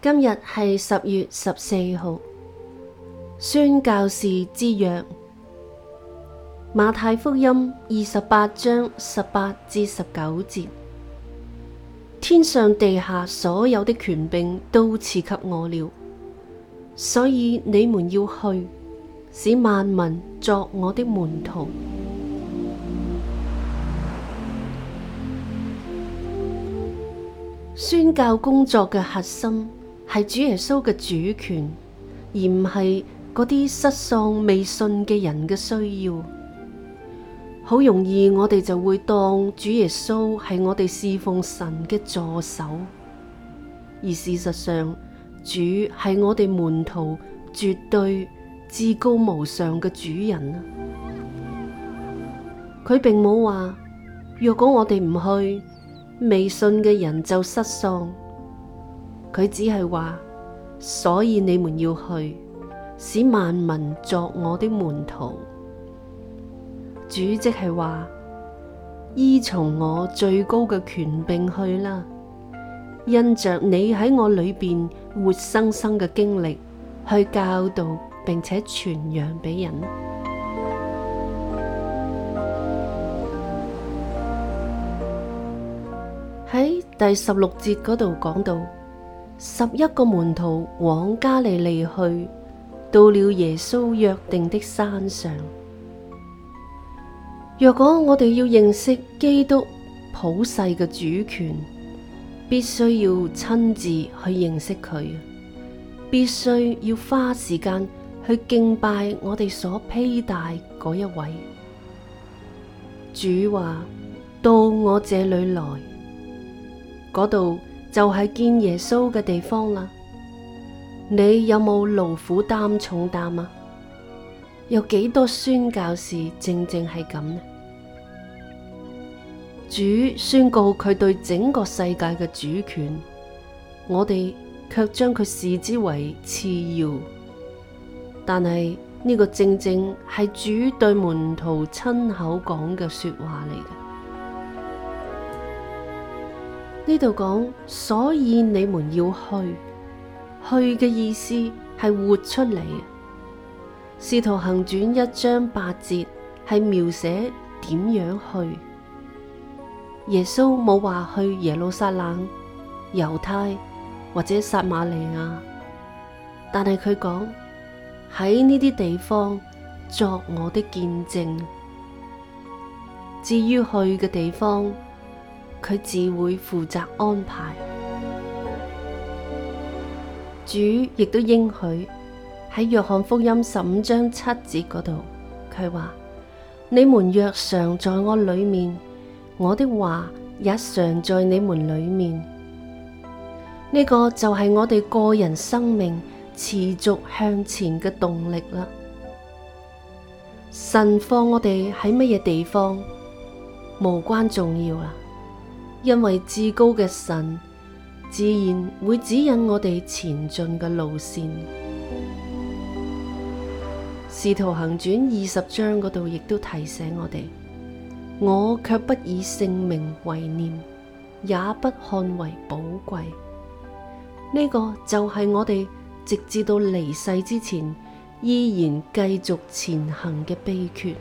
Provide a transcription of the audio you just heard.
今日係十月十四號，宣教士之約，馬太福音二十八章十八至十九節，天上地下所有的權柄都賜給我了，所以你們要去，使萬民作我的門徒。宣教工作嘅核心，係主耶穌嘅主權，而唔係嗰啲失喪未信嘅人嘅需要。好容易我哋就會當主耶穌係我哋侍奉神嘅助手，而事實上主係我哋門徒絕對至高無上嘅主人。佢並冇話，若果我哋唔去，未信嘅人就失喪。佢只係話，所以你們要去使萬民作我的門徒。主即係話，依從我最高嘅權柄去啦。因着你喺我裏邊活生生嘅經歷，去教導並且傳揚俾人。喺 第十六節嗰度講到。十一個門徒往加利利去，到了耶穌約定的山上。若果我哋要認識基督普世嘅主權，必須要親自去認識佢，必須要花時間去敬拜我哋所披戴嗰一位。主話：到我這裏來，嗰度。就係見耶穌嘅地方啦，你有冇勞苦擔重擔啊？有幾多宣教士正正係咁呢？主宣告佢對整個世界嘅主權，我哋卻將佢視之為次要。但係呢個正正係主對門徒親口講嘅說話嚟嘅。呢度講，所以你們要去，去嘅意思係活出嚟。使徒行傳一章八節，係描寫點樣去。耶穌冇話去耶路撒冷、猶太或者撒瑪利亞，但係佢講，喺呢啲地方作我的見證。至於去嘅地方。佢自會負責安排，主亦都應許喺約翰福音十五章七節嗰度，佢話：你們若常在我裏面，我的話也常在你們裏面。呢個就係我哋個人生命持續向前嘅動力啦。神放我哋喺乜嘢地方，無關重要啦。因為至高嘅神自然會指引我哋前進嘅路線，《使徒行傳》二十章嗰度亦都提醒我哋：我卻不以性命為念，也不看為寶貴。呢、這個就係我哋直至到離世之前依然繼續前行嘅秘訣。